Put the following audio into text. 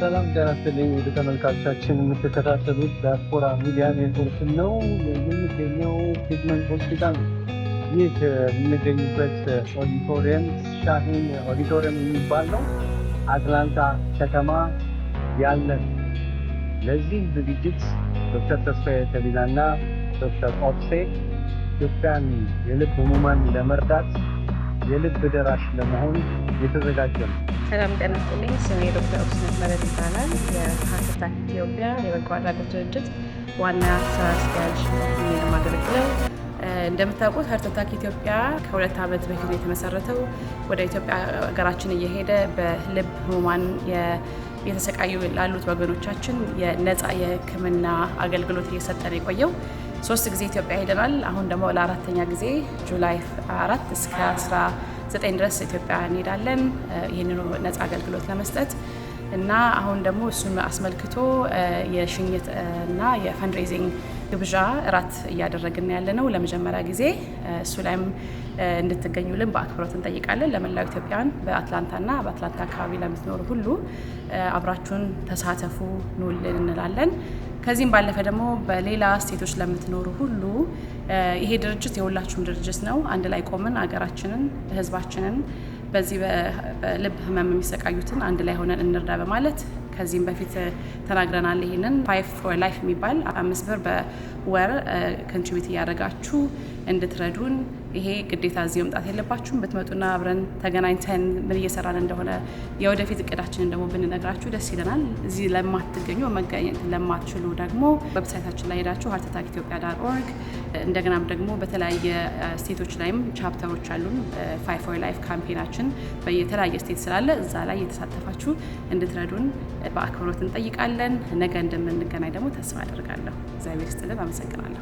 ሰላም ጤና ይስጥልኝ ውድ ተመልካቾቻችን፣ የምትከታተሉት ዲያስፖራ ሚዲያ ኔትወርክ ነው። የምንገኘው ፒድመንት ሆስፒታል ነው። ይህ የምንገኝበት ኦዲቶሪየም ሻሂን ኦዲቶሪየም የሚባል ነው። አትላንታ ከተማ ያለን ለዚህ ዝግጅት ዶክተር ተስፋዬ ተቢናና ዶክተር ኦፕሴ ኢትዮጵያን የልብ ህሙማን ለመርዳት የልብ ደራሽ ለመሆን የተዘጋጀ ነው። ሰላም ጤና ይስጥልኝ። ስሜ ዶክተር ኦክስነት መረድ ይባላል። የሀርታታክ ኢትዮጵያ የበጎ አድራጎት ድርጅት ዋና ስራ አስኪያጅ ነው የማገለግለው። እንደምታውቁት ሀርታታክ ኢትዮጵያ ከሁለት ዓመት በፊት የተመሰረተው። ወደ ኢትዮጵያ ሀገራችን እየሄደ በልብ ህሙማን የተሰቃዩ ላሉት ወገኖቻችን የነፃ የህክምና አገልግሎት እየሰጠ ነው የቆየው። ሶስት ጊዜ ኢትዮጵያ ሄደናል። አሁን ደግሞ ለአራተኛ ጊዜ ጁላይ አራት እስከ ዘጠኝ ድረስ ኢትዮጵያ እንሄዳለን ይህንኑ ነፃ አገልግሎት ለመስጠት እና አሁን ደግሞ እሱን አስመልክቶ የሽኝት እና የፈንድሬዚንግ ግብዣ እራት እያደረግን ያለ ነው ለመጀመሪያ ጊዜ። እሱ ላይም እንድትገኙልን በአክብሮት እንጠይቃለን። ለመላው ኢትዮጵያን በአትላንታና በአትላንታ አካባቢ ለምትኖሩ ሁሉ አብራችሁን ተሳተፉ፣ ኑልን እንላለን። ከዚህም ባለፈ ደግሞ በሌላ ስቴቶች ለምትኖሩ ሁሉ ይሄ ድርጅት የሁላችሁም ድርጅት ነው። አንድ ላይ ቆምን አገራችንን፣ ህዝባችንን በዚህ በልብ ህመም የሚሰቃዩትን አንድ ላይ ሆነን እንርዳ በማለት ከዚህም በፊት ተናግረናል። ይህንን ፋይቭ ፎር ላይፍ የሚባል አምስት ብር በወር ኮንትሪቢዩት እያደረጋችሁ እንድትረዱን ይሄ ግዴታ እዚህ መምጣት የለባችሁም። ብትመጡና አብረን ተገናኝተን ምን እየሰራን እንደሆነ የወደፊት እቅዳችንን ደግሞ ብንነግራችሁ ደስ ይለናል። እዚህ ለማትገኙ መገኘት ለማትችሉ ደግሞ ዌብሳይታችን ላይ ሄዳችሁ ሃርት አታክ ኢትዮጵያ ዳር ኦርግ እንደገናም ደግሞ በተለያየ ስቴቶች ላይም ቻፕተሮች አሉን። ፋይቭ ፎር ላይፍ ካምፔናችን በየተለያየ ስቴት ስላለ እዛ ላይ የተሳተፋችሁ እንድትረዱን በአክብሮት እንጠይቃለን። ነገ እንደምንገናኝ ደግሞ ተስፋ አድርጋለሁ። እግዚአብሔር ይስጥልን። አመሰግናለሁ።